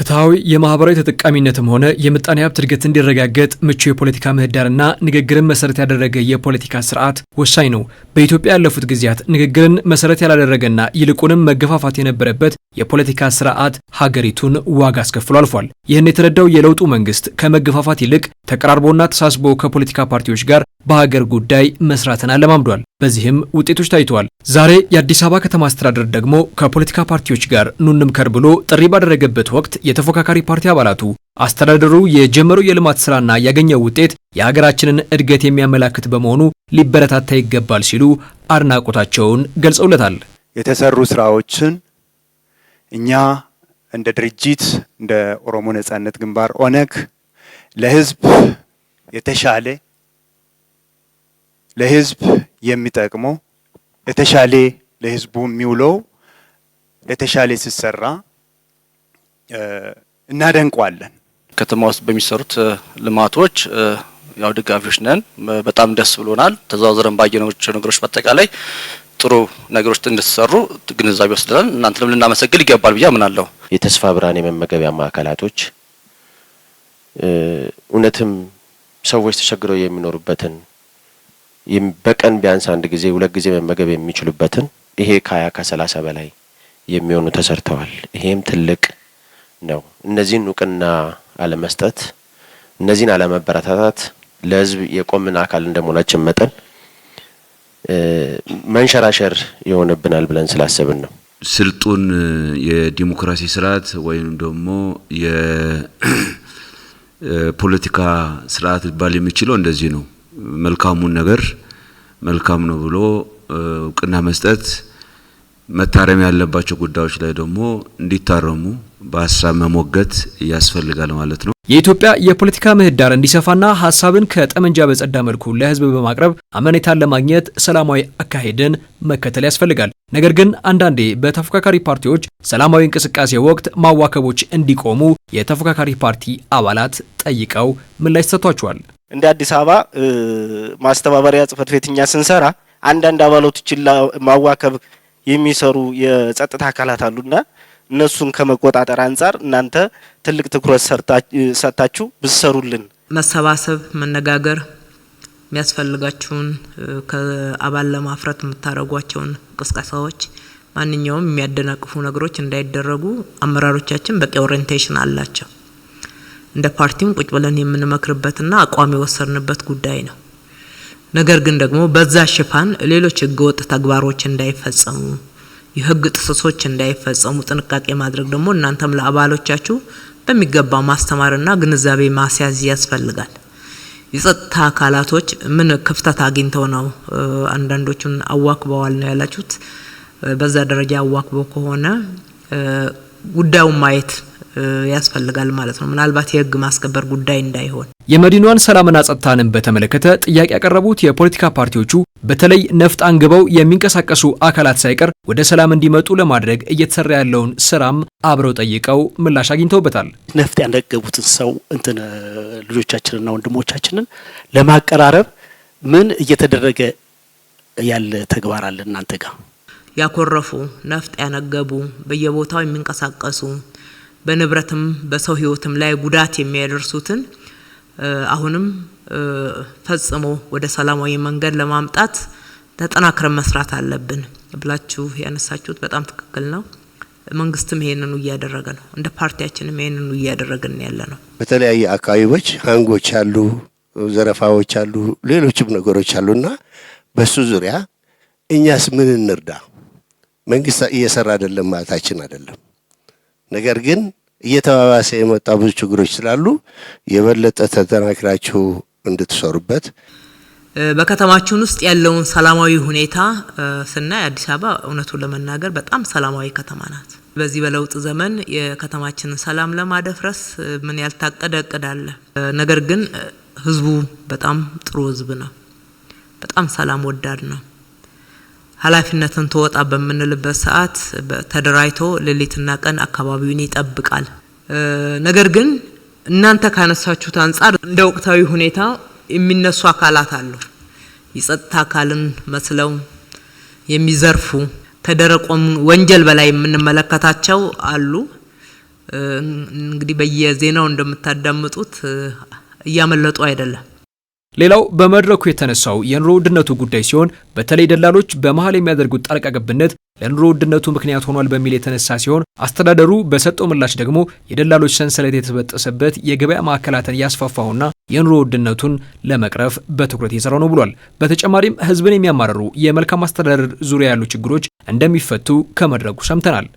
ፍትሐዊ የማህበራዊ ተጠቃሚነትም ሆነ የምጣኔ ሀብት እድገት እንዲረጋገጥ ምቹ የፖለቲካ ምህዳርና ንግግርን መሰረት ያደረገ የፖለቲካ ስርዓት ወሳኝ ነው። በኢትዮጵያ ያለፉት ጊዜያት ንግግርን መሰረት ያላደረገና ይልቁንም መገፋፋት የነበረበት የፖለቲካ ስርዓት ሀገሪቱን ዋጋ አስከፍሎ አልፏል። ይህን የተረዳው የለውጡ መንግስት ከመገፋፋት ይልቅ ተቀራርቦና ተሳስቦ ከፖለቲካ ፓርቲዎች ጋር በሀገር ጉዳይ መስራትን አለማምዷል። በዚህም ውጤቶች ታይተዋል። ዛሬ የአዲስ አበባ ከተማ አስተዳደር ደግሞ ከፖለቲካ ፓርቲዎች ጋር ኑንምከር ብሎ ጥሪ ባደረገበት ወቅት የተፎካካሪ ፓርቲ አባላቱ አስተዳደሩ የጀመረው የልማት ስራና ያገኘው ውጤት የሀገራችንን እድገት የሚያመላክት በመሆኑ ሊበረታታ ይገባል ሲሉ አድናቆታቸውን ገልጸውለታል። የተሰሩ ስራዎችን እኛ እንደ ድርጅት እንደ ኦሮሞ ነጻነት ግንባር ኦነግ ለህዝብ የተሻለ ለህዝብ የሚጠቅመው የተሻለ ለህዝቡ የሚውለው የተሻለ ሲሰራ እናደንቀዋለን። ከተማ ውስጥ በሚሰሩት ልማቶች ያው ደጋፊዎች ነን። በጣም ደስ ብሎናል። ተዘዋውረን ባየናቸው ነገሮች በአጠቃላይ ጥሩ ነገሮች እንድትሰሩ ግንዛቤ ወስደናል። እናንተንም ልናመሰግን ይገባል ብዬ አምናለሁ። የተስፋ ብርሃን የመመገቢያ ማዕከላቶች እውነትም ሰዎች ተቸግረው የሚኖሩበትን በቀን ቢያንስ አንድ ጊዜ ሁለት ጊዜ መመገብ የሚችሉበትን ይሄ ከሀያ ከሰላሳ በላይ የሚሆኑ ተሰርተዋል። ይሄም ትልቅ ነው። እነዚህን እውቅና አለመስጠት፣ እነዚህን አለመበረታታት ለህዝብ የቆምን አካል እንደመሆናችን መጠን መንሸራሸር ይሆንብናል ብለን ስላሰብን ነው። ስልጡን የዲሞክራሲ ስርዓት ወይም ደግሞ የፖለቲካ ስርዓት ሊባል የሚችለው እንደዚህ ነው። መልካሙን ነገር መልካም ነው ብሎ እውቅና መስጠት፣ መታረም ያለባቸው ጉዳዮች ላይ ደግሞ እንዲታረሙ በሀሳብ መሞገት ያስፈልጋል ማለት ነው። የኢትዮጵያ የፖለቲካ ምህዳር እንዲሰፋና ሀሳብን ከጠመንጃ በጸዳ መልኩ ለህዝብ በማቅረብ አመኔታን ለማግኘት ሰላማዊ አካሄድን መከተል ያስፈልጋል። ነገር ግን አንዳንዴ በተፎካካሪ ፓርቲዎች ሰላማዊ እንቅስቃሴ ወቅት ማዋከቦች እንዲቆሙ የተፎካካሪ ፓርቲ አባላት ጠይቀው ምላሽ ሰጥቷቸዋል። እንደ አዲስ አበባ ማስተባበሪያ ጽህፈት ቤት እኛ ስንሰራ አንዳንድ አባላቶችን ማዋከብ የሚሰሩ የጸጥታ አካላት አሉና እነሱን ከመቆጣጠር አንጻር እናንተ ትልቅ ትኩረት ሰጥታችሁ ብትሰሩልን። መሰባሰብ፣ መነጋገር የሚያስፈልጋችሁን ከአባል ለማፍረት የምታደርጓቸውን ቅስቀሳዎች፣ ማንኛውም የሚያደናቅፉ ነገሮች እንዳይደረጉ አመራሮቻችን በቂ ኦሪንቴሽን አላቸው። እንደ ፓርቲም ቁጭ ብለን የምንመክርበትና አቋም የወሰንበት ጉዳይ ነው። ነገር ግን ደግሞ በዛ ሽፋን ሌሎች ህገወጥ ተግባሮች እንዳይፈጸሙ፣ የህግ ጥሰቶች እንዳይፈጸሙ ጥንቃቄ ማድረግ ደግሞ እናንተም ለአባሎቻችሁ በሚገባ ማስተማርና ግንዛቤ ማስያዝ ያስፈልጋል። የጸጥታ አካላቶች ምን ክፍተት አግኝተው ነው አንዳንዶቹን አዋክበዋል ነው ያላችሁት? በዛ ደረጃ አዋክበው ከሆነ ጉዳዩን ማየት ያስፈልጋል ማለት ነው። ምናልባት የህግ ማስከበር ጉዳይ እንዳይሆን የመዲኗን ሰላምና ጸጥታንም በተመለከተ ጥያቄ ያቀረቡት የፖለቲካ ፓርቲዎቹ በተለይ ነፍጥ አንግበው የሚንቀሳቀሱ አካላት ሳይቀር ወደ ሰላም እንዲመጡ ለማድረግ እየተሰራ ያለውን ስራም አብረው ጠይቀው ምላሽ አግኝተውበታል። ነፍጥ ያነገቡትን ሰው እንትን ልጆቻችንና ወንድሞቻችንን ለማቀራረብ ምን እየተደረገ ያለ ተግባር አለ እናንተ ጋር? ያኮረፉ ነፍጥ ያነገቡ በየቦታው የሚንቀሳቀሱ በንብረትም በሰው ህይወትም ላይ ጉዳት የሚያደርሱትን አሁንም ፈጽሞ ወደ ሰላማዊ መንገድ ለማምጣት ተጠናክረን መስራት አለብን ብላችሁ ያነሳችሁት በጣም ትክክል ነው። መንግስትም ይሄንኑ እያደረገ ነው። እንደ ፓርቲያችንም ይሄንኑ እያደረግን ያለ ነው። በተለያየ አካባቢዎች ሀንጎች አሉ፣ ዘረፋዎች አሉ፣ ሌሎችም ነገሮች አሉ በሱ ዙሪያ እኛስ ምን እንርዳ? መንግስት እየሰራ አይደለም ማለታችን አይደለም። ነገር ግን እየተባባሰ የመጣ ብዙ ችግሮች ስላሉ የበለጠ ተጠናክራችሁ እንድትሰሩበት በከተማችን ውስጥ ያለውን ሰላማዊ ሁኔታ ስናይ አዲስ አበባ እውነቱን ለመናገር በጣም ሰላማዊ ከተማ ናት። በዚህ በለውጥ ዘመን የከተማችንን ሰላም ለማደፍረስ ምን ያልታቀደ እቅድ አለ። ነገር ግን ህዝቡ በጣም ጥሩ ህዝብ ነው። በጣም ሰላም ወዳድ ነው። ኃላፊነትን ተወጣ በምንልበት ሰዓት ተደራጅቶ ሌሊትና ቀን አካባቢውን ይጠብቃል። ነገር ግን እናንተ ካነሳችሁት አንጻር እንደ ወቅታዊ ሁኔታ የሚነሱ አካላት አሉ። የጸጥታ አካልን መስለው የሚዘርፉ ከደረቅ ወንጀል በላይ የምንመለከታቸው አሉ። እንግዲህ በየዜናው እንደምታዳምጡት እያመለጡ አይደለም። ሌላው በመድረኩ የተነሳው የኑሮ ውድነቱ ጉዳይ ሲሆን በተለይ ደላሎች በመሀል የሚያደርጉት ጣልቃ ገብነት ለኑሮ ውድነቱ ምክንያት ሆኗል በሚል የተነሳ ሲሆን አስተዳደሩ በሰጠው ምላሽ ደግሞ የደላሎች ሰንሰለት የተበጠሰበት የገበያ ማዕከላትን ያስፋፋውና የኑሮ ውድነቱን ለመቅረፍ በትኩረት የሰራው ነው ብሏል። በተጨማሪም ሕዝብን የሚያማረሩ የመልካም አስተዳደር ዙሪያ ያሉ ችግሮች እንደሚፈቱ ከመድረኩ ሰምተናል።